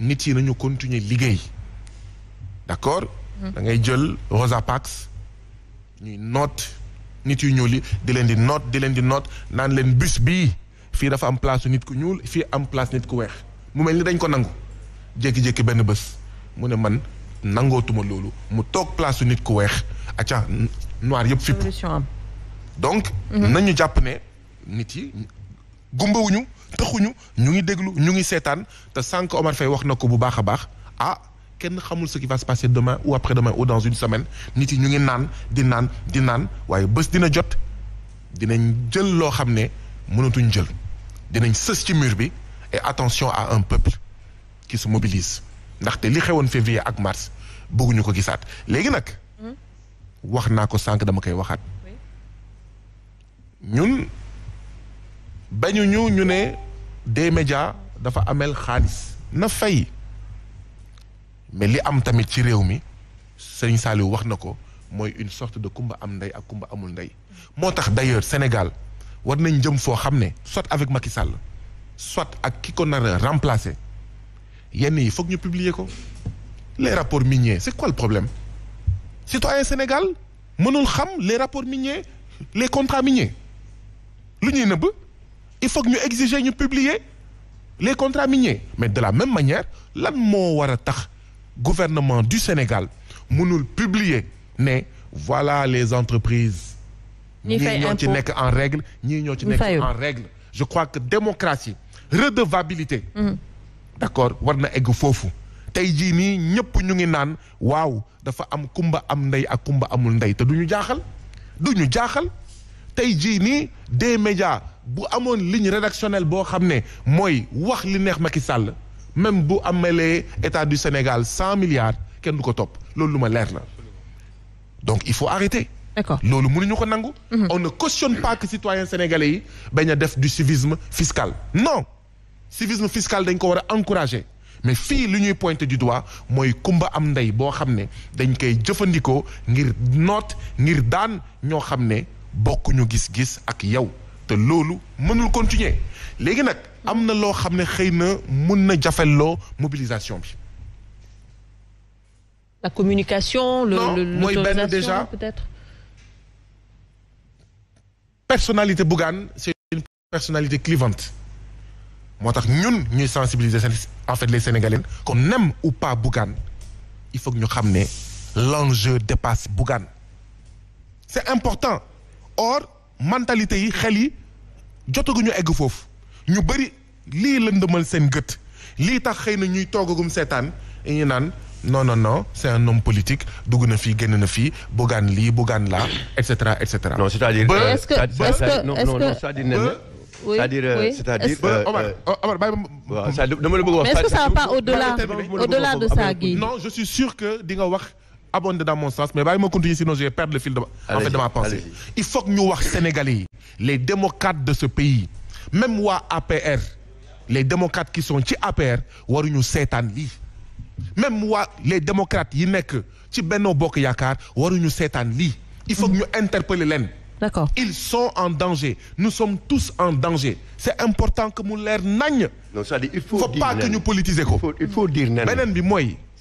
nit yi nañu continuer liggéey d'accord hmm. da ngay jël Rosa Parks ñuy noot nit yu ñuul yi di leen di noot di leen di noot naan leen bis bii fii dafa am place nit ku ñuul fii am place nit ku weex mu mel ni dañ ko nangu jékki-jékki benn bés mu ne man nangootuma loolu mu toog place nit ku weex acca noir yëpp fipp donc hmm. nañu jàpp ne nit yi gumbawuñu taxuñu ñu ngi déglu ñu ngi sétane te sank Omar fay wax bu baax ah kenn xamul ce qui va se passer demain ou après-demain ou dans une semaine nit ñu ngi naan di naan di naan waaye bés dina jot mur et attention à un peuple qui se mobilise ndaxte li xewoon février ak mars bëgguñu ko gisaat léegi nag. Hmm? wax naa bañuñu ñu ne des médias dafa amel xaalis na fay mais li am tamit ci réew mi Serigne Saliou wax na ko mooy une sorte de kumba am ndey ak kumba amul ndey moo d'ailleurs Sénégal war nañ jëm foo xam ne soit avec Macky Sall soit ak ki ko nar a remplacer yenn yi foog ñu publier ko les rapports miniers c'est quoi le problème citoyen Sénégal mënul xam les rapports miniers les contrats miniers lu ñuy nëbb il faut que nous exiger de publier les contrats miniers mais de la même manière lan gouvernement du Sénégal nous publier mais voilà les entreprises Nous ne sommes pas en règle ni ci en règle je crois que démocratie redevabilité mm-hmm. d'accord war na egg foofu tey jii nii ñëpp ñu ngi naan waaw dafa am kumba am ndey ak kumba amul ndey te du tey des médias bu amone ligne rédactionnelle bo xamné moy wax li neex Macky Sall même bu amalee état du Sénégal 100 milliards kenn du ko topp loolu lu la donc il faut arrêter. d'accord loolu mënuñu ko nangu. Mhm. on ne cautionne pas que citoyens sénégalais yi bañ def du civisme fiscal. non civisme fiscal dañ ko encourager mais fi li ñuy pointer du doigt moy kumba am ndey boo xam dañ koy jëfëndiko ngir note ngir daan ño xamné bokku ñu gis-gis ak yow te loolu mënul continuer léegi nak amna lo xamné xeyna ne na jafel lo mobilisation bi. la communication. le non, le l'autorisation peut-être. personnalité Bougane c'est une personnalité clivante motax ñun ñuy sensibiliser en fait les Sénégalais qu'on aime ou pas Bougane il faut que ñu xamné l'enjeu dépasse Bougane c'est important or mentalité yi xel yi jotaguñu egg foofu ñu bëri lii lëndëmal seen gët lii tax xëy na ñuy toogagum seetaan ñu naan non non non c'est un homme politique dugg na fii génn na fii Bougane lii Bougane laa et cetera et cetera. non c'est-à-dire. Euh, est-ce que est-ce que non euh, non euh, c'est-à-dire oui c'est-à-dire c'est-à-dire. Omar Omar bàyyi ma. dama la bëgg wax. mais est-ce que ça va pas au-delà au-delà de ça Guy. non je suis sûr que di nga wax abondé dans mon sens mais il ma continuer sinon je vais perdre le fil de ma pensée il faut que nous wax sénégalais les démocrates de ce pays même moi APR les démocrates qui sont chez APR waruñu certaine vie même moi, les démocrates yi nekk ci Benno Bokk Yakar, waruñu certaine vie. il faut que nous mm-hmm. interpeller leen D'accord. Ils sont en danger. Nous sommes tous en danger. C'est important que nous leur nañ. Non, ça il faut, faut pas que nous politisions. Il faut, dire nañ. Ben, bi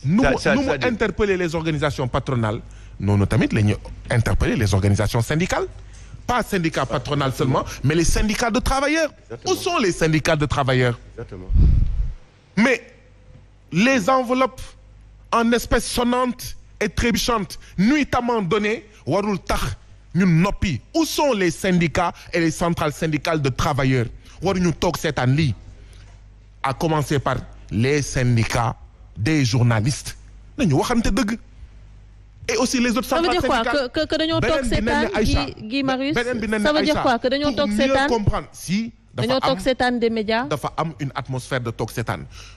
nous nous interpeller les organisations patronales nous notamment les interpeller les organisations syndicales pas syndicats patronal seulement mais les syndicats de travailleurs où sont les syndicats de travailleurs mais les enveloppes en espèces sonnantes et trébuchantes nuitamment données warul tax où sont les syndicats et les centrales syndicales de travailleurs waruñu Tok, cette année à commencer par les syndicats des journalistes nañu waxante dëgg. et aussi les autres syndicats ça veut dire quoi que que nous toog seetaan Guy Marius ça veut dire quoi que nous avons seetaan pour mieux comprendre si. nous toog des médias dafa am une atmosphère de toog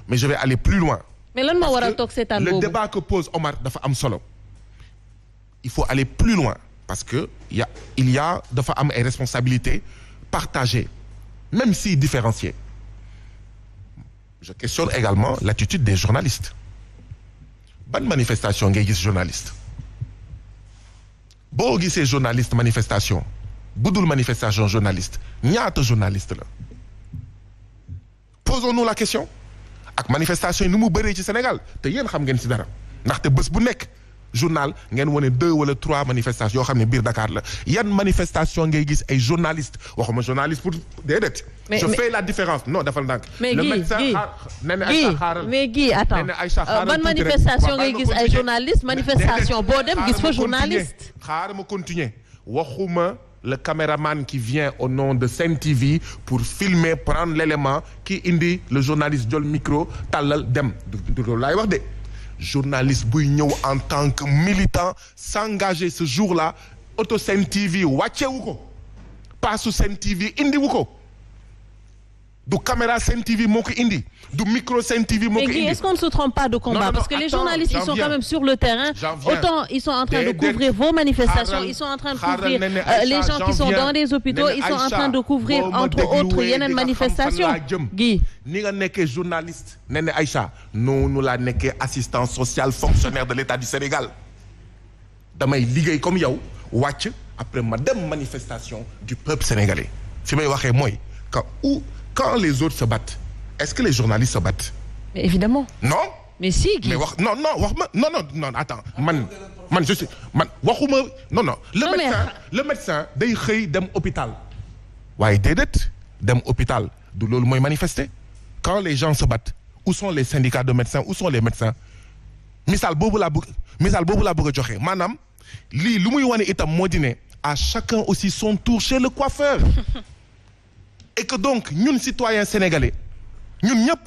mais je vais aller plus loin. mais lan nous war a le débat que pose Omar dafa am solo. il faut aller plus loin parce que y a il y a dafa am ay responsabilités partagées même si différenciées je questionne également l'attitude des journalistes Bonne manifestation ngay gis journaliste journalistes, des journaliste manifestation budul manifestation journaliste a journaliste journalistes. posons-nous la question ak manifestation nous sommes au Sénégal te yéen xam ngeen ci dara te bu journal ngeen woné deux wala trois manifestations yo xamné ne biir Dakar la yane manifestation ngay gis ay journaliste waxuma journaliste pour dedet je fais la différence non dafal ndànk. mais Guy Guy mais Guy attends euh, ban manifestation ngay gis ay journaliste manifestation bo dem gis fa journaliste. xaaral continuer waxuma. le caméraman qui vient au nom de Sen TV pour filmer prendre l'élément qui indi le journaliste jël micro talal dem du du wax de. journaliste buy ñëw en tant que militant s'engager ce jour la auto Sen TV wàccewu ko paasu Sen TV indiwu ko du caméra CNTV TV du micro CNTV TV est-ce qu'on ne se trompe pas de combat parce que les journalistes ils sont quand même sur le terrain. autant ils sont en train de couvrir vos manifestations ils sont en train de couvrir euh, les gens qui sont dans les hôpitaux ils sont en train de couvrir entre autres une manifestation. Guy. ni nga journaliste Nene Aïcha nous nous la assistant social fonctionnaire de l'État du Sénégal damay liguey comme yow watch après madame manifestation du peuple sénégalais fi may que quand les autres se battent, est-ce que les journalistes se battent évidemment. Non Mais si, Guy. Mais non, non, non, non, non, attends. Man, man, je suis. Man, non, non. Le médecin, ah. le médecin, il est d'un hôpital. did it? d'un hôpital. D'où moins manifester. Quand les gens se battent, où sont les syndicats de médecins Où sont les médecins Misal bobu la misal bobu la manam li lu est wone itam à chacun aussi son tour chez le coiffeur et que donc ñun citoyen sénégalais ñun ñëpp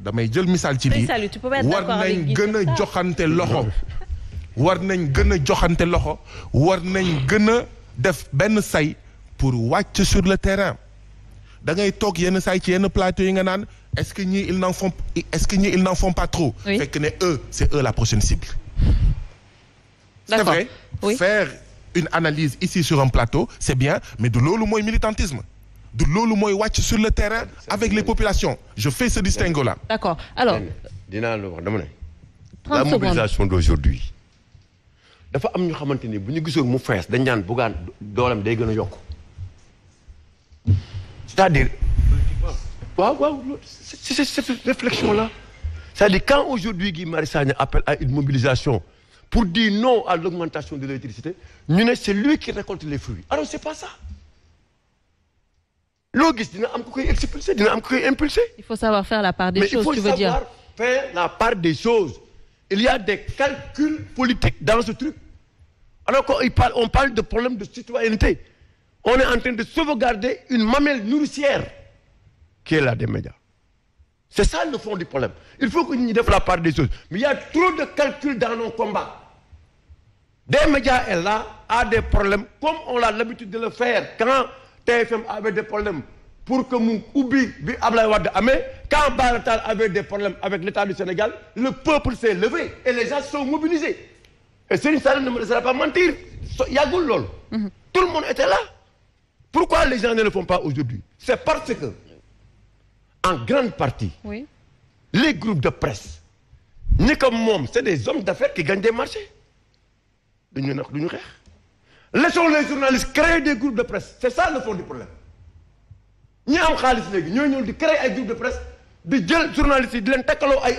damay jël misal ci bi war nañ gëna joxanté loxo war nañ gëna joxanté loxo war nañ gëna def Ben say pour wacc sur le terrain da ngay tok yenn say ci yenn plateau yi nga nan est-ce que ñi ils n'en font est-ce que ñi ils n'en font pas trop fekk ne eux c'est eux la prochaine cible c'est vrai faire une analyse ici sur un plateau c'est bien mais de lolu moy militantisme le l'eau et watch sur le terrain avec les populations je fais ce distinguo là. d'accord alors la mobilisation d'aujourd'hui am ñu bu ñu mu dañ day c'est-à-dire. c'est cette réflexion là c'est-à-dire quand aujourd'hui Guy Marius appelle à une mobilisation pour dire non à l'augmentation de l'électricité ñu c'est lui qui récolte les fruits alors c'est pas ça il faut savoir faire la part des choses il faut savoir faire la part des choses. il y a des calculs politiques dans ce truc alors qu'on parle on parle de problème de citoyenneté on est en train de sauvegarder une mamelle nourricière qui est là des médias c'est ça le fond du problème il faut que y de la part des choses mais il y a trop de calculs dans nos combats des médias est là a des problèmes comme on a l'habitude de le faire quand TFM avait des problèmes pour que nous oublions bi Ablaye quand Bara avait des problèmes avec l'État du Sénégal le peuple s'est levé et les gens sont mobilisés et une Sall ne me laissera pas mentir mhm. tout le monde était là pourquoi les gens ne le font pas aujourd'hui c'est parce que en grande partie les groupes de presse ni comme c'est des hommes d'affaires qui gagnent des marchés Laissons les journalistes créer des groupes de presse c'est ça le fond du problème Nous, avons xaalis léegi ñoo créé di créer groupes de presse di jël journalistes yi di leen takkaloo ay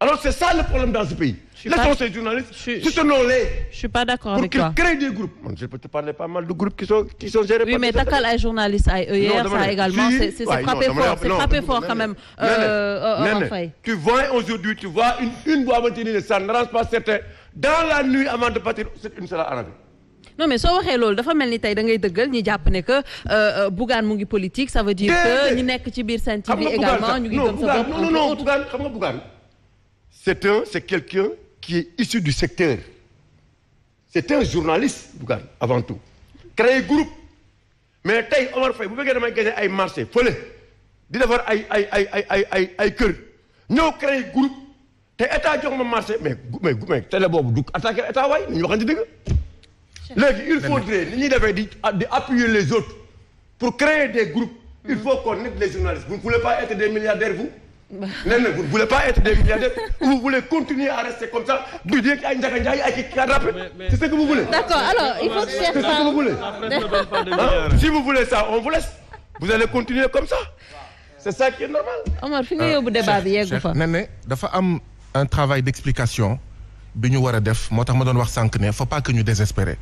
alors c'est ça le problème dans ce pays. laissons ces journalistes. soutenons-les. je suis pas d'accord avec toi pour qu'ils créent des groupes. je peux te parler pas mal de groupes qui sont qui sont gérés. oui mais takkal ay journalistes ay œillères ça également c'est c'est frappé fort c'est frappé fort quand même. nee euh, euh, euh, tu vois aujourd'hui tu vois une une boîte ça ne rend pas certain dans la nuit avant de partir c'est une salle arabe non mais que euh, euh, politique ça veut dire que c'est un c'est quelqu'un qui est issu du secteur c'est un journaliste avant tout créer groupe mais Omar groupe te état jox ma marché mais mais mais télé bobu du attaquer état il faudrait ni ñi dit, di appuyer les autres pour créer des groupes. il mm-hmm. faut qu'on aide les journalistes vous ne voulez pas être des milliardaires vous. Bah. vous ne voulez pas être des milliardaires vous voulez continuer à rester comme ça du ay ay c'est ce que vous voulez. d'accord alors il faut que Cheikh c'est ce que vous voulez. Hein? si vous voulez ça on vous laisse vous allez continuer comme ça c'est ça qui est normal. Omar fi débat un travail d'explication il ne faut pas que nous désespérer.